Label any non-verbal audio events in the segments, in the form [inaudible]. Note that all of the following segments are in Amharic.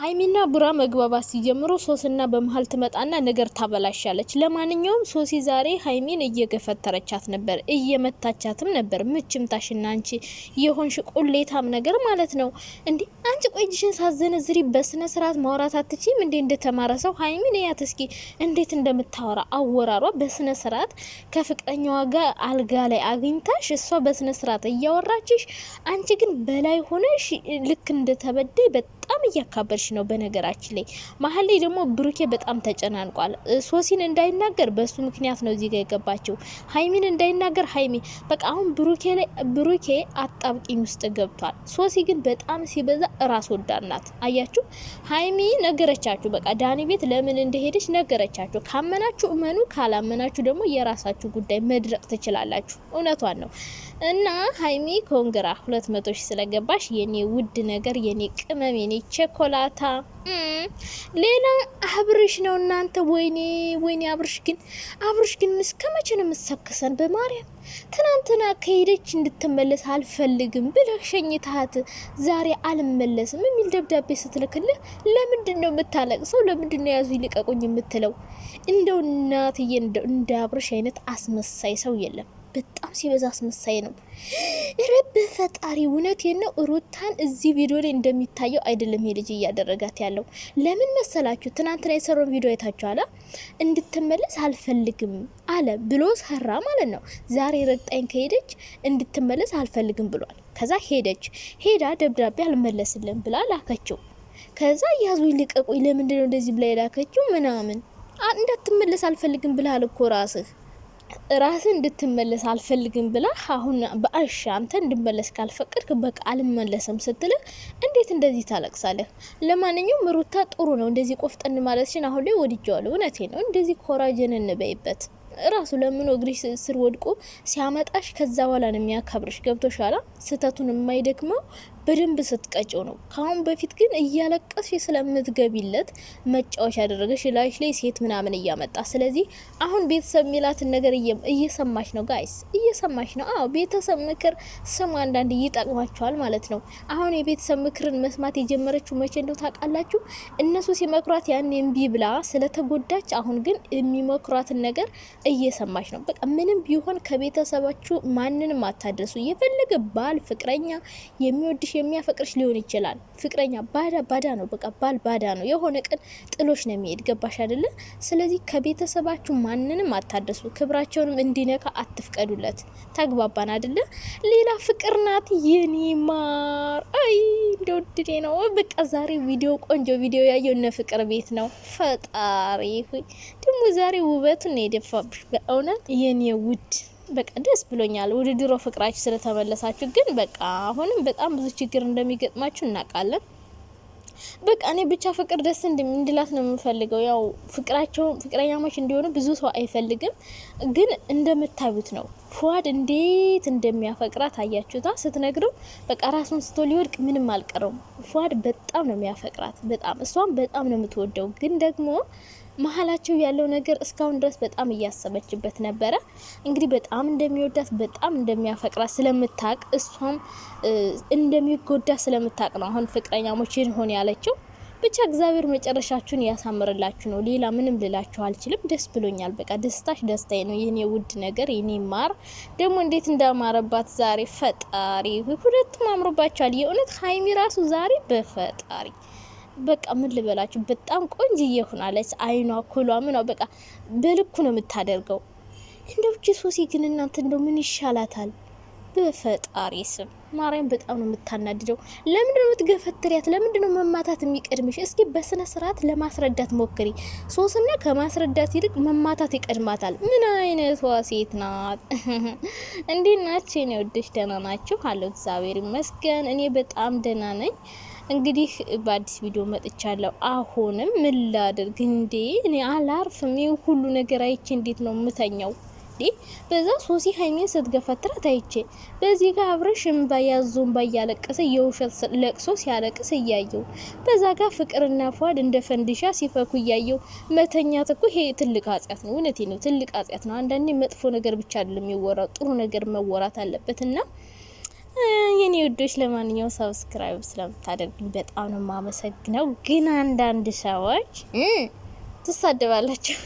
ሀይሚና ቡራ መግባባት ሲጀምሩ ሶስና በመሀል ትመጣና ነገር ታበላሻለች። ለማንኛውም ሶሲ ዛሬ ሀይሚን እየገፈተረቻት ነበር፣ እየመታቻትም ነበር። ምችም ታሽና አንቺ የሆንሽ ቁሌታም ነገር ማለት ነው እንዴ! አንቺ ቆይጅሽን ሳዘነዝሪ በስነ ስርዓት ማውራት አትችም እንዴ? እንደተማረሰው ሀይሚን እያት እስኪ እንዴት እንደምታወራ አወራሯ በስነ ስርዓት ከፍቅረኛዋ ጋር አልጋ ላይ አግኝታሽ እሷ በስነ ስርዓት እያወራችሽ፣ አንቺ ግን በላይ ሆነሽ ልክ እንደተበደይ በጣም እያካበርሽ ነው። በነገራችን ላይ መሀል ላይ ደግሞ ብሩኬ በጣም ተጨናንቋል። ሶሲን እንዳይናገር በሱ ምክንያት ነው እዚህ ጋ ሀይሚን እንዳይናገር ሀይሚ በቃ አሁን ብሩኬ ላይ ብሩኬ አጣብቂኝ ውስጥ ገብቷል። ሶሲ ግን በጣም ሲበዛ እራስ ወዳድ ናት። አያችሁ ሀይሚ ነገረቻችሁ። በቃ ዳኒ ቤት ለምን እንደሄደች ነገረቻችሁ። ካመናችሁ እመኑ፣ ካላመናችሁ ደግሞ የራሳችሁ ጉዳይ መድረቅ ትችላላችሁ። እውነቷን ነው እና ሀይሚ ኮንግራ ሁለት መቶ ሺህ ስለገባሽ የኔ ውድ ነገር የኔ ቅመም የኔ ቸኮላታ ሌላ አብርሽ ነው እናንተ። ወይኔ ወይኔ፣ አብርሽ ግን አብርሽ ግን እስከ መቼ ነው የምትሰክሰን? በማርያም ትናንትና ከሄደች እንድትመለስ አልፈልግም ብለህ ሸኝታት፣ ዛሬ አልመለስም የሚል ደብዳቤ ስትልክልህ ለምንድን ነው የምታለቅሰው? ለምንድን ነው ያዙ ይልቀቁኝ የምትለው? እንደው እናትዬ፣ እንደ አብርሽ አይነት አስመሳይ ሰው የለም። በጣም ሲበዛ አስመሳይ ነው። ረብ ፈጣሪ እውነት ነው። ሩታን እዚህ ቪዲዮ ላይ እንደሚታየው አይደለም ይሄ ልጅ እያደረጋት ያለው። ለምን መሰላችሁ? ትናንትና የሰራውን ቪዲዮ አይታችሁ አላ እንድትመለስ አልፈልግም አለ ብሎ ሰራ ማለት ነው። ዛሬ ረግጣኝ ከሄደች እንድትመለስ አልፈልግም ብሏል። ከዛ ሄደች። ሄዳ ደብዳቤ አልመለስልም ብላ ላከችው። ከዛ ያዙ ይልቀቁኝ፣ ለምንድነው እንደዚህ ብላ የላከችው ምናምን እንዳትመለስ አልፈልግም ብላል እኮ ራስህ ራስ እንድትመለስ አልፈልግም ብላ አሁን በአሻ አንተ እንድመለስ ካልፈቀድክ በቃ አልመለስም ስትልህ እንዴት እንደዚህ ታለቅሳለህ? ለማንኛውም ሩታ ጥሩ ነው እንደዚህ ቆፍጠን ማለትሽን አሁን ላይ ወድጀዋለሁ። እውነቴ ነው። እንደዚህ ኮራጅን እንበይበት። ራሱ ለምን እግሪሽ ስር ወድቆ ሲያመጣሽ ከዛ በኋላ ነው የሚያከብርሽ። ገብቶሻላ? ስህተቱን የማይደክመው በደንብ ስትቀጨው ነው። ከአሁን በፊት ግን እያለቀስሽ ስለምትገቢለት መጫወቻ ያደረገሽ ላይሽ ላይ ሴት ምናምን እያመጣ ስለዚህ አሁን ቤተሰብ የሚላትን ነገር እየሰማሽ ነው ጋይስ፣ እየሰማሽ ነው። አዎ ቤተሰብ ምክር ስሙ፣ አንዳንድ ይጠቅማቸዋል ማለት ነው። አሁን የቤተሰብ ምክርን መስማት የጀመረችው መቼ እንደው ታውቃላችሁ? እነሱ ሲመክሯት ያን እምቢ ብላ ስለተጎዳች አሁን ግን የሚመክሯትን ነገር እየሰማች ነው። በቃ ምንም ቢሆን ከቤተሰባችሁ ማንንም አታድርሱ። የፈለገ ባል ፍቅረኛ የሚወድሽ የሚያፈቅርሽ ሊሆን ይችላል። ፍቅረኛ ባዳ ባዳ ነው፣ በቃ ባል ባዳ ነው። የሆነ ቀን ጥሎሽ ነው የሚሄድ። ገባሽ አይደለ? ስለዚህ ከቤተሰባችሁ ማንንም አታደሱ፣ ክብራቸውንም እንዲነካ አትፍቀዱለት። ተግባባን አይደለ? ሌላ ፍቅር ናት የኔ ማር። አይ እንደወድዴ ነው። በቃ ዛሬ ቪዲዮ ቆንጆ ቪዲዮ ያየው እነ ፍቅር ቤት ነው። ፈጣሪ ሆይ ደግሞ ዛሬ ውበቱን የደፋብሽ በእውነት የኔ ውድ በቃ ደስ ብሎኛል። ወደ ድሮ ፍቅራችሁ ስለተመለሳችሁ። ግን በቃ አሁንም በጣም ብዙ ችግር እንደሚገጥማችሁ እናውቃለን። በቃ እኔ ብቻ ፍቅር ደስ እንድላት ነው የምፈልገው። ያው ፍቅራቸው ፍቅረኛሞች እንዲሆኑ ብዙ ሰው አይፈልግም፣ ግን እንደምታዩት ነው። ፉአድ እንዴት እንደሚያፈቅራት አያችሁታ። ስትነግረው በቃ ራሱን ስቶ ሊወድቅ ምንም አልቀረውም። ፏድ በጣም ነው የሚያፈቅራት፣ በጣም እሷም በጣም ነው የምትወደው። ግን ደግሞ መሀላቸው ያለው ነገር እስካሁን ድረስ በጣም እያሰበችበት ነበረ። እንግዲህ በጣም እንደሚወዳት በጣም እንደሚያፈቅራት ስለምታቅ እሷም እንደሚጎዳ ስለምታቅ ነው አሁን ፍቅረኛሞች ይሆን ያለችው። ብቻ እግዚአብሔር መጨረሻችሁን እያሳምርላችሁ ነው። ሌላ ምንም ልላችሁ አልችልም። ደስ ብሎኛል። በቃ ደስታሽ ደስታዬ ነው ይህን ውድ ነገር ይኔ ማር። ደግሞ እንዴት እንዳማረባት ዛሬ ፈጣሪ፣ ሁለቱም አምሮባቸዋል። የእውነት ሀይሚ ራሱ ዛሬ በፈጣሪ በቃ ምን ልበላችሁ በጣም ቆንጅዬ ሆናለች። አይኗ ኩሏ ምኗ በቃ በልኩ ነው የምታደርገው። እንደ ውጭ ሶሲ ግን እናንተ እንደው ምን ይሻላታል? በፈጣሪ ስም ማርያም በጣም ነው የምታናድደው። ለምንድ ነው የምትገፈትሪያት? ለምንድ ነው መማታት የሚቀድምሽ? እስኪ በስነ ስርዓት ለማስረዳት ሞክሪ። ሶስና ከማስረዳት ይልቅ መማታት ይቀድማታል። ምን አይነቷ ሴት ናት? [laughs] እንዴት ናቸው? ኔ ወደሽ ደህና ናችሁ? አለሁ እግዚአብሔር ይመስገን፣ እኔ በጣም ደህና ነኝ። እንግዲህ በአዲስ ቪዲዮ መጥቻለሁ። አሁንም ምን ላድርግ እንዴ? እኔ አላርፍም። ይህ ሁሉ ነገር አይቼ እንዴት ነው ምተኛው? እንዴ በዛ ሶሲ ሀይሜን ስትገፈትራት አይቼ በዚህ ጋር አብረሽ እምባ ያዞ እምባ እያለቀሰ የውሸት ለቅሶ ሲያለቅስ እያየው በዛ ጋር ፍቅርና ፏድ እንደ ፈንድሻ ሲፈኩ እያየው መተኛት እኮ ይሄ ትልቅ ኃጢአት ነው። እውነቴ ነው፣ ትልቅ ኃጢአት ነው። አንዳንዴ መጥፎ ነገር ብቻ አይደለም የሚወራው ጥሩ ነገር መወራት አለበት እና የኔ ውዶች፣ ለማንኛውም ሰብስክራይብ ስለምታደርጉኝ በጣም ነው የማመሰግነው። ግን አንዳንድ ሰዎች ትሳደባላችሁ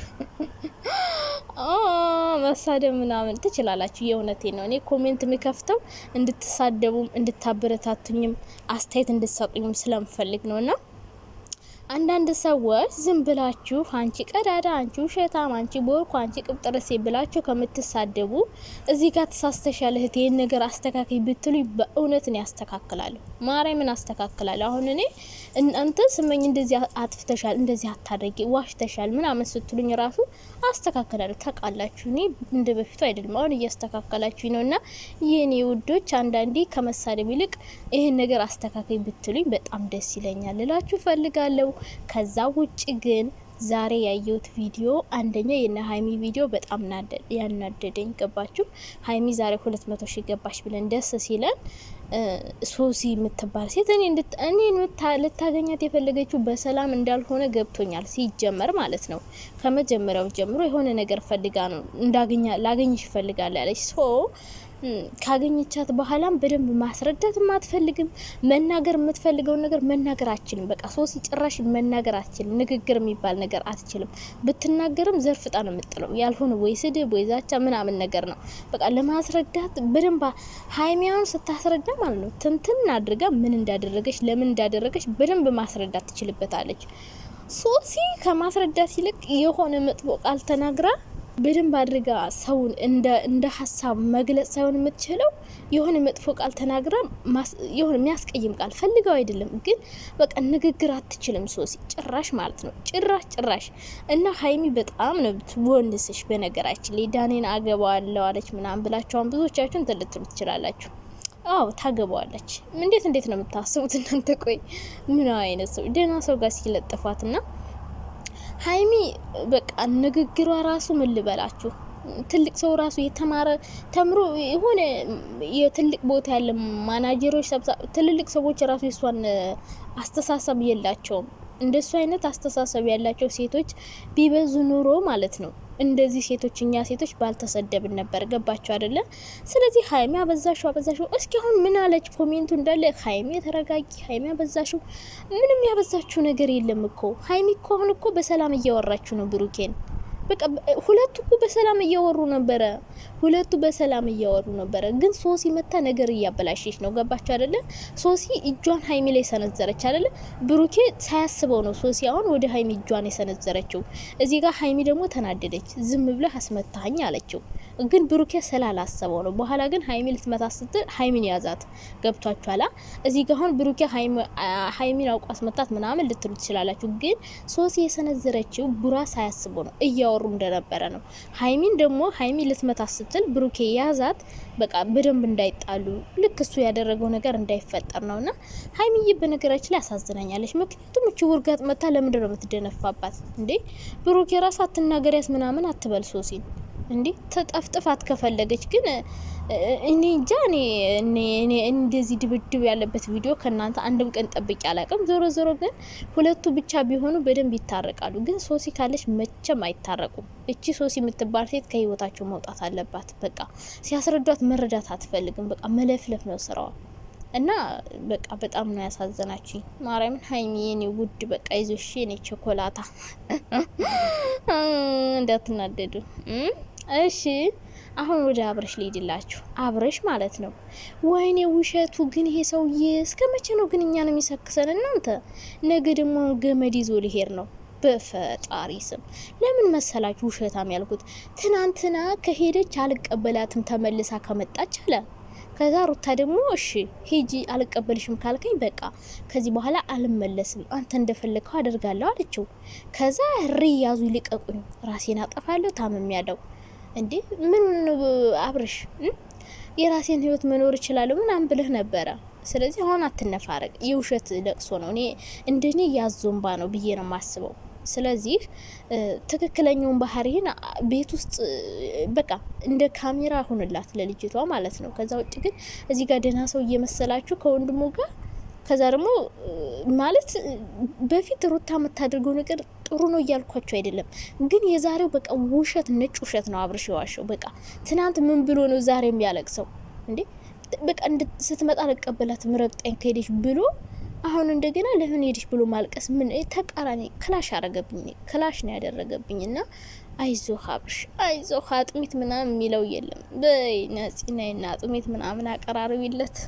መሳደብ ምናምን ትችላላችሁ። የእውነቴ ነው። እኔ ኮሜንት የሚከፍተው እንድትሳደቡም እንድታበረታቱኝም አስተያየት እንድትሰጡኝም ስለምፈልግ ነው እና አንዳንድ ሰዎች ዝም ብላችሁ አንቺ ቀዳዳ፣ አንቺ ውሸታም፣ አንቺ ቦርኮ፣ አንቺ ቅብጥርሴ ብላችሁ ከምትሳደቡ እዚህ ጋር ተሳስተሻል እህት፣ ይህን ነገር አስተካከይ ብትሉ በእውነት ነው ያስተካክላሉ። ማርያምን አስተካክላለሁ። አሁን እኔ እናንተ ስመኝ እንደዚህ አጥፍተሻል፣ እንደዚህ አታደርጊ፣ ዋሽተሻል ምናምን ስትሉኝ ራሱ አስተካክላለሁ። ታውቃላችሁ፣ እኔ እንደ በፊቱ አይደለም። አሁን እያስተካከላችሁኝ ነው። እና የእኔ ውዶች አንዳንዴ ከመሳደብ ይልቅ ይህን ነገር አስተካከይ ብትሉኝ በጣም ደስ ይለኛል ልላችሁ ፈልጋለሁ። ከዛ ውጭ ግን ዛሬ ያየሁት ቪዲዮ አንደኛ የነ ሀይሚ ቪዲዮ በጣም ያናደደኝ ገባችሁ። ሀይሚ ዛሬ ሁለት መቶ ሺህ ገባች ብለን ደስ ሲለን ሶሲ የምትባል ሴት እኔ ልታገኛት የፈለገችው በሰላም እንዳልሆነ ገብቶኛል። ሲጀመር ማለት ነው ከመጀመሪያው ጀምሮ የሆነ ነገር ፈልጋ ነው እንዳገኛ ላገኝሽ ይፈልጋል ያለች ሶ ካገኘቻት በኋላም በደንብ ማስረዳት አትፈልግም። መናገር የምትፈልገውን ነገር መናገር አትችልም። በቃ ሶሲ ጭራሽ መናገር አትችልም። ንግግር የሚባል ነገር አትችልም። ብትናገርም ዘርፍጣ ነው የምጥለው። ያልሆነ ወይ ስድብ ወይ ዛቻ ምናምን ነገር ነው። በቃ ለማስረዳት በደንብ ሀይሚያውን ስታስረዳ ማለት ነው ትንትን አድርጋ ምን እንዳደረገች ለምን እንዳደረገች በደንብ ማስረዳት ትችልበታለች። ሶሲ ከማስረዳት ይልቅ የሆነ መጥፎ ቃል ተናግራ በደንብ አድርጋ ሰውን እንደ ሀሳብ መግለጽ ሳይሆን የምትችለው የሆነ መጥፎ ቃል ተናግራ የሆነ የሚያስቀይም ቃል ፈልገው አይደለም፣ ግን በቃ ንግግር አትችልም ሶሲ ጭራሽ ማለት ነው። ጭራሽ ጭራሽ እና ሀይሚ በጣም ነው ወንድስሽ። በነገራችን ላይ ዳኔን አገባዋለሁ አለች ምናምን ብላችኋን ብዙዎቻችሁን ትልትሉ ትችላላችሁ። አዎ ታገባዋለች። እንዴት እንዴት ነው የምታስቡት እናንተ? ቆይ ምን አይነት ሰው ደህና ሰው ጋር ሲለጥፋት ና ሀይሚ በቃ ንግግሯ ራሱ ምን ልበላችሁ ትልቅ ሰው ራሱ የተማረ ተምሮ የሆነ የትልቅ ቦታ ያለ ማናጀሮች፣ ትልልቅ ሰዎች ራሱ የሷን አስተሳሰብ የላቸውም። እንደሱ አይነት አስተሳሰብ ያላቸው ሴቶች ቢበዙ ኑሮ ማለት ነው እንደዚህ ሴቶች እኛ ሴቶች ባልተሰደብን ነበር። ገባችሁ አይደለ? ስለዚህ ሀይሚ አበዛሹ አበዛሹ። እስኪ አሁን ምን አለች ኮሜንቱ እንዳለ ሀይሚ ተረጋጊ፣ ሀይሚ አበዛሹ። ምንም ያበዛችሁ ነገር የለም እኮ ሀይሚ እኮ አሁን እኮ በሰላም እያወራችሁ ነው ብሩኬን በቃ ሁለቱ እኮ በሰላም እያወሩ ነበረ። ሁለቱ በሰላም እያወሩ ነበረ። ግን ሶሲ መታ ነገር እያበላሸች ነው። ገባቸው አይደለ? ሶሲ እጇን ሀይሚ ላይ ሰነዘረች አይደለ? ብሩኬ ሳያስበው ነው ሶሲ አሁን ወደ ሀይሚ እጇን የሰነዘረችው። እዚህ ጋር ሀይሚ ደግሞ ተናደደች። ዝም ብለህ አስመታኝ አለችው። ግን ብሩኬ ስላላሰበው ነው። በኋላ ግን ሀይሚ ልትመታ ስትል ሀይሚን ያዛት። ገብቷችኋላ? እዚህ ጋር አሁን ብሩኬ ሀይሚን አውቋ አስመታት ምናምን ልትሉ ትችላላችሁ። ግን ሶሲ የሰነዘረችው ቡራ ሳያስበው ነው እያወሩ እያወሩ እንደነበረ ነው። ሀይሚን ደግሞ ሀይሚ ልትመታ ስትል ብሩኬ ያዛት በቃ በደንብ እንዳይጣሉ ልክ እሱ ያደረገው ነገር እንዳይፈጠር ነው። እና ሀይሚዬ በነገራችን ላይ አሳዝናኛለች። ምክንያቱም እች ውርጋጥ መታ ለምንድን ነው የምትደነፋባት እንዴ? ብሩኬ ራስ አትናገሪያት ምናምን አትበል ሶሲን እንዴ ተጠፍጥፋት ከፈለገች ግን እኔ እንጃ። እኔ እንደዚህ ድብድብ ያለበት ቪዲዮ ከእናንተ አንድም ቀን ጠብቄ አላቅም። ዞሮ ዞሮ ግን ሁለቱ ብቻ ቢሆኑ በደንብ ይታረቃሉ። ግን ሶሲ ካለች መቼም አይታረቁም። እቺ ሶሲ የምትባል ሴት ከህይወታቸው መውጣት አለባት። በቃ ሲያስረዷት መረዳት አትፈልግም። በቃ መለፍለፍ ነው ስራዋ። እና በቃ በጣም ነው ያሳዘናችኝ። ማርያምን ሀይሚ የኔ ውድ በቃ ይዞሽ የኔ ቸኮላታ [laughs] እንዳትናደዱ። እሺ አሁን ወደ አብረሽ ልሂድላችሁ። አብረሽ ማለት ነው። ወይኔ ውሸቱ ግን ይሄ ሰውዬ እስከ መቼ ነው ግን እኛን የሚሰክሰን? እናንተ ነገ ደግሞ ገመድ ይዞ ሊሄድ ነው። በፈጣሪ ስም ለምን መሰላችሁ ውሸታም ያልኩት? ትናንትና ከሄደች አልቀበላትም ተመልሳ ከመጣች አለ። ከዛ ሩታ ደግሞ እሺ ሂጂ አልቀበልሽም ካልከኝ በቃ ከዚህ በኋላ አልመለስም፣ አንተ እንደፈለግከው አደርጋለሁ አለችው። ከዛ ሪ ያዙ ይልቀቁኝ፣ ራሴን አጠፋለሁ፣ ታምሜያለሁ እንዴ ምን አብርሽ የራሴን ህይወት መኖር እችላለሁ ምናምን ብለህ ነበረ። ስለዚህ አሁን አትነፋረቅ። የውሸት ለቅሶ ነው። እኔ እንደኔ ያዞንባ ነው ብዬ ነው የማስበው። ስለዚህ ትክክለኛውን ባህሪን ቤት ውስጥ በቃ እንደ ካሜራ ሁንላት ለልጅቷ ማለት ነው። ከዛ ውጭ ግን እዚህ ጋር ደህና ሰው እየመሰላችሁ ከወንድሙ ጋር ከዛ ደግሞ ማለት በፊት ሩታ የምታደርገው ነገር ጥሩ ነው እያልኳቸው አይደለም፣ ግን የዛሬው በቃ ውሸት ነጭ ውሸት ነው። አብርሽ የዋሸው በቃ ትናንት ምን ብሎ ነው ዛሬ የሚያለቅሰው እንዴ? በቃ ስትመጣ ለቀበላት ምረብጠኝ ከሄደች ብሎ አሁን እንደገና ለምን ሄደች ብሎ ማልቀስ ምን ተቃራኒ ክላሽ አረገብኝ፣ ክላሽ ነው ያደረገብኝ። እና አይዞህ አብርሽ አይዞህ፣ አጥሚት ምናምን የሚለው የለም በይ ነፂ ነይና አጥሚት ምናምን አቀራርቢለት።